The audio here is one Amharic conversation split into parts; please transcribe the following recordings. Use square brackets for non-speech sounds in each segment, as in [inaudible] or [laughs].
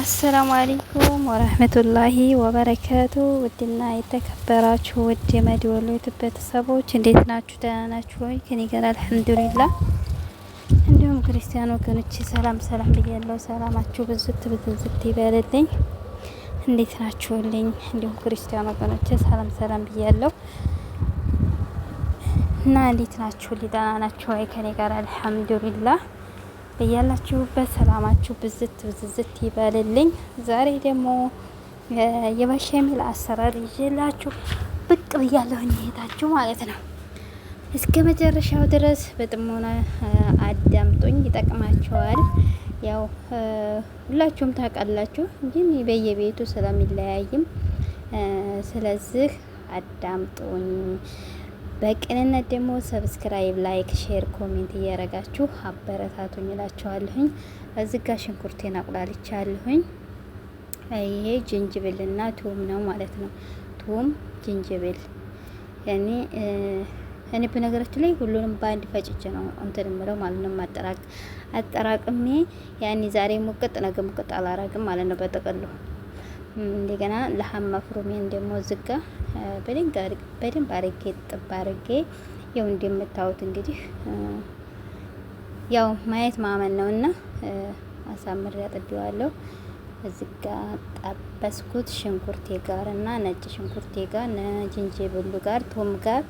አሰላሙ አለይኩም ወረህመቱላሂ ወበረከቱ ውድና የተከበራችሁ ውድ የመዲወሎ ቤተሰቦች እንዴት ናችሁ? ደህና ናችሁ ወይ? ከኔ ጋር አልሐምዱሊላ። እንዲሁም ክርስቲያን ወገኖች ሰላም ሰላም ብያለሁ። ሰላማችሁ ብዝት ብዝዝት ይበልልኝ። እንዴት ናችሁልኝ? እንዲሁም ክርስቲያን ወገኖች ሰላም ሰላም ብያለሁ እና እንዴት ናችሁ? ደህና ናችሁ ወይ? ከኔ ጋር አልሐምዱሊላ በያላችሁበት ሰላማችሁ ብዝት ብዝዝት ይበልልኝ። ዛሬ ደግሞ የበሸሚል አሰራር ይዤላችሁ ብቅ ብያለሁ እንሄዳችሁ ማለት ነው። እስከ መጨረሻው ድረስ በጥሞና አዳምጡኝ፣ ይጠቅማቸዋል። ያው ሁላችሁም ታውቃላችሁ፣ ግን በየቤቱ ስለሚለያይም ስለዚህ አዳምጡኝ። በቅንነት ደግሞ ሰብስክራይብ፣ ላይክ፣ ሼር፣ ኮሜንት እያረጋችሁ አበረታቱኝ እላችኋለሁኝ። እዚህ ጋ ሽንኩርቴን አቁላልቻለሁኝ። ይሄ ጅንጅብልና ቱም ነው ማለት ነው። ቱም ጅንጅብል ያኔ እኔ በነገራችን ላይ ሁሉንም በአንድ ፈጭቼ ነው እንትን ምለው ማለት ነው። አጠራቅሜ ያኔ ዛሬ ሙቅጥ ነገ ሙቅጥ አላረግም ማለት ነው በጥቅሉ እንደገና ለሀም መፍሩሜን ደግሞ ዝጋ በደንብ አርጌ ጥብ አርጌ ያው እንደምታዩት እንግዲህ ያው ማየት ማመን ነውና አሳምሬ አጥቤዋለሁ። እዚጋ ጣበስኩት ሽንኩርቴ ጋር እና ነጭ ሽንኩርቴ ጋር ጅንጅብሉ ጋር ቶም ጋር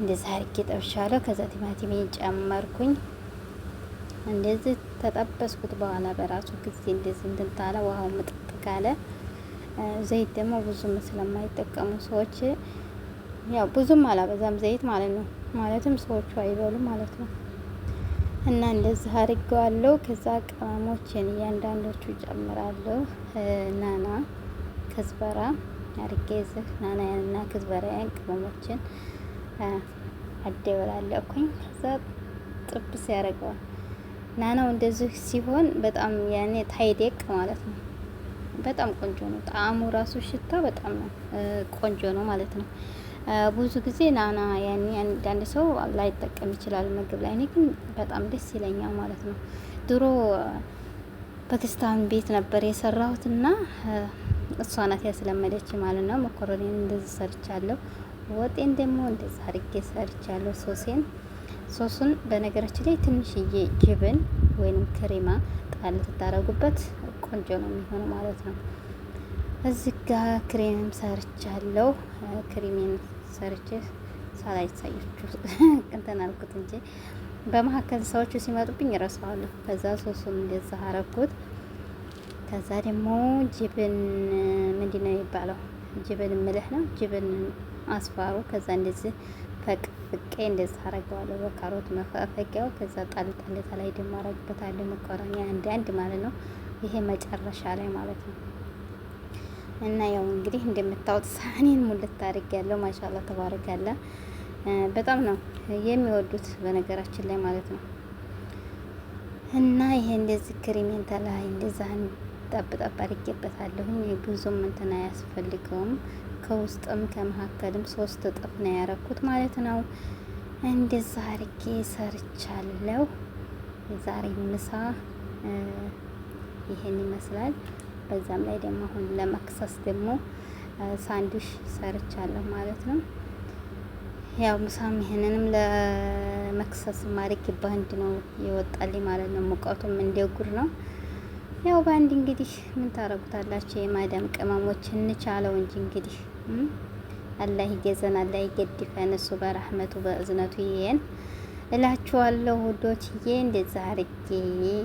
እንደዛ አርጌ ጠብሻለሁ። ከዛ ቲማቲም ጨመርኩኝ። እንደዚህ ተጠበስኩት በኋላ በራሱ ጊዜ እንደዚህ እንትን ታለ ውሃው ምጥጥ ካለ ዘይት ደግሞ ብዙም ስለማይጠቀሙ ሰዎች ያው ብዙም አላበዛም ዘይት ማለት ነው። ማለትም ሰዎቹ አይበሉም ማለት ነው። እና እንደዚህ አድርገዋለሁ። ከዛ ቅመሞችን እያንዳንዶቹ ጨምራለሁ። ናና ከዝበራ አድርጌ ዝህ ናናያንና ከዝበራያን ቅመሞችን አደበላለኩኝ። ከዛ ጥብስ ያደርገዋል። ናናው እንደዚህ ሲሆን በጣም ያኔ ታይዴቅ ማለት ነው። በጣም ቆንጆ ነው። ጣዕሙ ራሱ ሽታ በጣም ነው ቆንጆ ነው ማለት ነው። ብዙ ጊዜ ናና ያኔ አንዳንድ ሰው ላይጠቀም ይችላል ምግብ ላይ። እኔ ግን በጣም ደስ ይለኛል ማለት ነው። ድሮ ፓኪስታን ቤት ነበር የሰራሁትና እሷ ናት ያስለመደች ማለት ነው። መኮረኔን እንደዚህ ሰርቻለሁ። ወጤን ደግሞ እንደዚህ አድርጌ ሰርቻለሁ። ሶሴን ሶሱን በነገራችን ላይ ትንሽዬ ጅብን ወይንም ክሬማ ጣል ትታረጉበት ቆንጆ ነው የሚሆን ማለት ነው። እዚህ ጋ ክሬም ሰርቻለሁ። ክሬሜን ሰርቼ ሳላይሳየችሁ [laughs] እንትን አልኩት እንጂ በመካከል ሰዎቹ ሲመጡብኝ እረሳዋለሁ። ከዛ ሶሱን እንደዛ አረኩት። ከዛ ደግሞ ጅብን ምንድን ነው የሚባለው? ጅብን ምልህ ነው። ጅብን አስፋሩ። ከዛ እንደዚህ ፈቅ ፍቄ እንደዛ አረገዋለሁ በካሮት መፈቂያው። ከዛ ጣል ጣል ላይ ደግሞ አረግበታለሁ። መኮረኒ አንድ አንድ ማለት ነው። ይሄ መጨረሻ ላይ ማለት ነው። እና ያው እንግዲህ እንደምታወጥ ሳህኔን ሙልት አድርግ ያለው ማሻላ ተባረክ ያለ በጣም ነው የሚወዱት በነገራችን ላይ ማለት ነው። እና ይሄ እንደዚህ ክሪሜንታ ላይ እንደዛህን ጠብጠብ አድርጌበታለሁ። ብዙም እንትን አያስፈልገውም። ከውስጥም ከመካከልም ሶስት እጥፍ ነው ያረኩት ማለት ነው። እንደዛ አድርጌ ሰርቻለሁ። ዛሬ ምሳ ይሄን ይመስላል። በዛም ላይ ደግሞ አሁን ለመክሰስ ደግሞ ሳንዲሽ ሰርቻለሁ ማለት ነው። ያው ምሳም ይሄንንም ለመክሰስ ማሪክ ባንድ ነው የወጣልኝ ማለት ነው። ሙቀቱም እንደጉር ነው። ያው ባንድ እንግዲህ ምን ታረጉታላችሁ? የማዳም ቅመሞች እንቻለው እንጂ እንግዲህ አላህ ይገዘን፣ አላህ ይገድፈን። እሱ በረህመቱ በእዝነቱ ይሄን እላችኋለሁ ውዶችዬ። እንደዛ አርጌ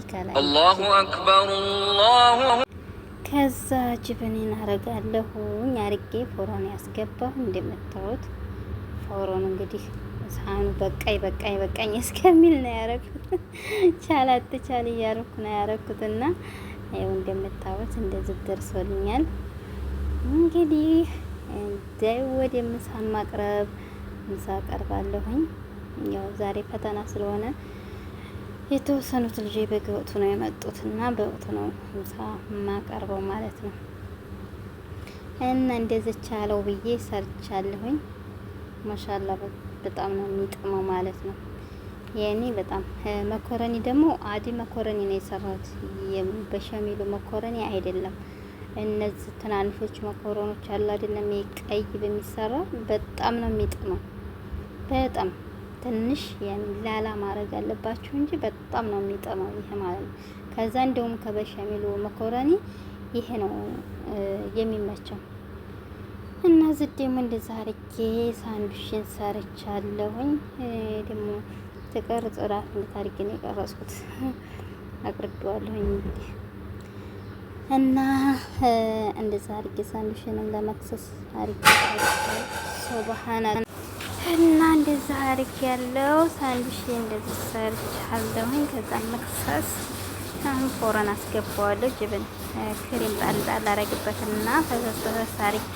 ከላይ አላሁ አክበር አላሁ ከዛ ጅብኔን አረጋለሁኝ አርጌ ፎሮን ያስገባሁ እንደምታዩት ፎሮን እንግዲህ ሳህኑ በቃኝ በቃኝ በቃኝ እስከሚል ነው ያረኩት። [laughs] ቻል አትቻል እያረኩ ነው ያረኩትና ያው እንደምታዩት እንደዚህ ደርሶልኛል። እንግዲህ ወደ ምሳ ማቅረብ ምሳ ቀርባለሁኝ። ያው ዛሬ ፈተና ስለሆነ የተወሰኑት ልጅ ወቅቱ ነው የመጡት እና በወቅቱ ነው ምሳ የማቀርበው ማለት ነው። እና እንደዘቻ ያለው ብዬ ሰርቻለሁኝ። ማሻላ በጣም ነው የሚጥመው ማለት ነው። የኔ በጣም መኮረኒ ደግሞ አዲ መኮረኒ ነው የሰራሁት። በሸሚሉ መኮረኒ አይደለም። እነዚህ ትናንሾች መኮረኖች አሉ አይደለም፣ ቀይ በሚሰራ በጣም ነው የሚጥመው በጣም ትንሽ ላላ ማድረግ አለባችሁ እንጂ በጣም ነው የሚጠማው ይሄ ማለት ነው። ከዛ እንደውም ከበሸሚሉ መኮረኒ ይሄ ነው የሚመቸው እና እዚህ ደግሞ እንደዛ አድርጌ ሳንዱሽን ሰርቻለሁኝ። ደግሞ ተቀርጽ ራፍ እንድታርጌ ነው የቀረጽኩት [laughs] አቅርቤዋለሁኝ እንግዲህ እና እንደዛ አድርጌ ሳንዱሽንም ለመክሰስ አድርጌ ሶብሃና እና እንደዛ አሪፍ ያለው ሳንድዊች እንደዚህ ሰርቻለሁኝ። ከዛ መክሰስ ፎረን አስገባዋለሁ። ጅብን ክሬም ጣል ጣል አረግበትና ፈሰስ ፈሰስ አርጌ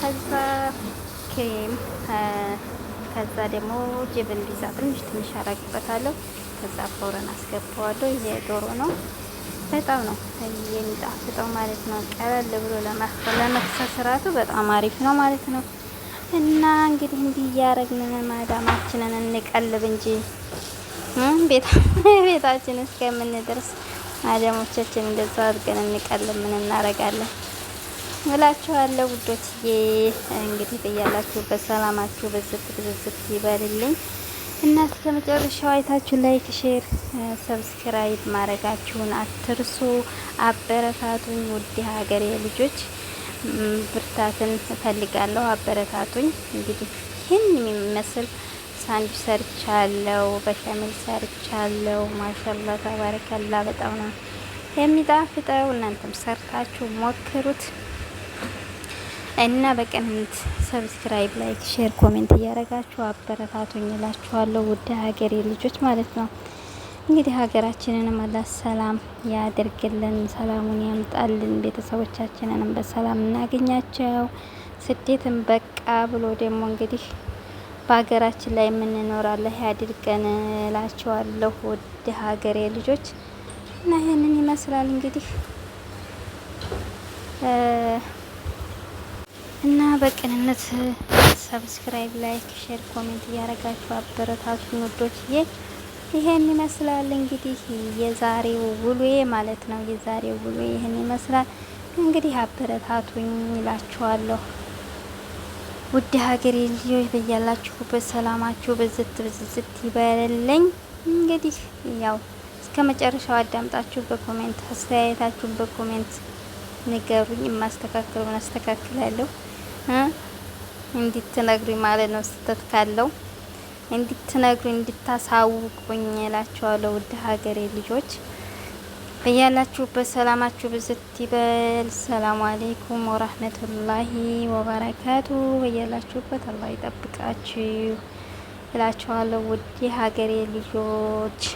ከዛ ክሬም ከዛ ደግሞ ጅብን ቢዛ ትንሽ ትንሽ አረግበታለሁ። ከዛ ፎረን አስገባዋለሁ። ይሄ ዶሮ ነው በጣም ነው የሚጣፍጠው ማለት ነው። ቀለል ብሎ ለመክሰስ ራሱ በጣም አሪፍ ነው ማለት ነው። እና እንግዲህ እንዲህ እያደረግን ማዳማችንን እንቀልብ እንጂ [laughs] ቤታችን እስከምንደርስ ማዳሞቻችን እንደዛ አድርገን እንቀልብ። ምን እናደርጋለን እላችኋለሁ ውዶችዬ። እንግዲህ በያላችሁበት ሰላማችሁ በዝት ብዝዝት ይበልልኝ እና እስከ መጨረሻው አይታችሁ ላይክ፣ ሼር፣ ሰብስክራይብ ማድረጋችሁን አትርሱ። አበረታቱኝ ውድ ሀገሬ ልጆች። ብርታትን እፈልጋለሁ። አበረታቱኝ። እንግዲህ ይህን የሚመስል ሳንዱች ሰርቻለሁ፣ በሻሚል ሰርቻለሁ። ማሻላ ተባረከላ። በጣም ነው የሚጣፍጠው። እናንተም ሰርታችሁ ሞክሩት እና በቅንነት ሰብስክራይብ፣ ላይክ፣ ሼር፣ ኮሜንት እያደረጋችሁ አበረታቱኝ እላችኋለሁ። ውድ ሀገሬ ልጆች ማለት ነው። እንግዲህ ሀገራችንንም አላህ ሰላም ያድርግልን፣ ሰላሙን ያምጣልን። ቤተሰቦቻችንንም በሰላም እናገኛቸው። ስደትም በቃ ብሎ ደግሞ እንግዲህ በሀገራችን ላይ የምንኖራለህ ያድርገን እላቸዋለሁ። ውድ ሀገሬ ልጆች እና ይህንን ይመስላል እንግዲህ እና በቅንነት ሰብስክራይብ፣ ላይክ፣ ሼር፣ ኮሜንት እያደረጋችሁ አበረታቱን ውዶችዬ። ይሄን ይመስላል እንግዲህ የዛሬው ውሎዬ ማለት ነው። የዛሬው ውሎዬ ይሄን ይመስላል እንግዲህ አበረታቱኝ ይላችኋለሁ። ውድ ሀገሬ ልጆች በያላችሁበት ሰላማችሁ በዝት ብዝዝት ይበለልኝ። እንግዲህ ያው እስከ መጨረሻው አዳምጣችሁ በኮሜንት አስተያየታችሁን በኮሜንት ንገሩኝ። የማስተካክለውን አስተካክላለሁ እንዲትነግሩኝ ማለት ነው ስህተት ካለው እንድትነግሩ እንድታሳውቁኝ እላችኋለሁ። ውድ ሀገሬ ልጆች እያላችሁበት ሰላማችሁ ብዝት ይበል። ሰላሙ አሌይኩም ወራህመቱላሂ ወበረካቱ። እያላችሁበት አላህ ይጠብቃችሁ እላችኋለሁ። ውድ ሀገሬ ልጆች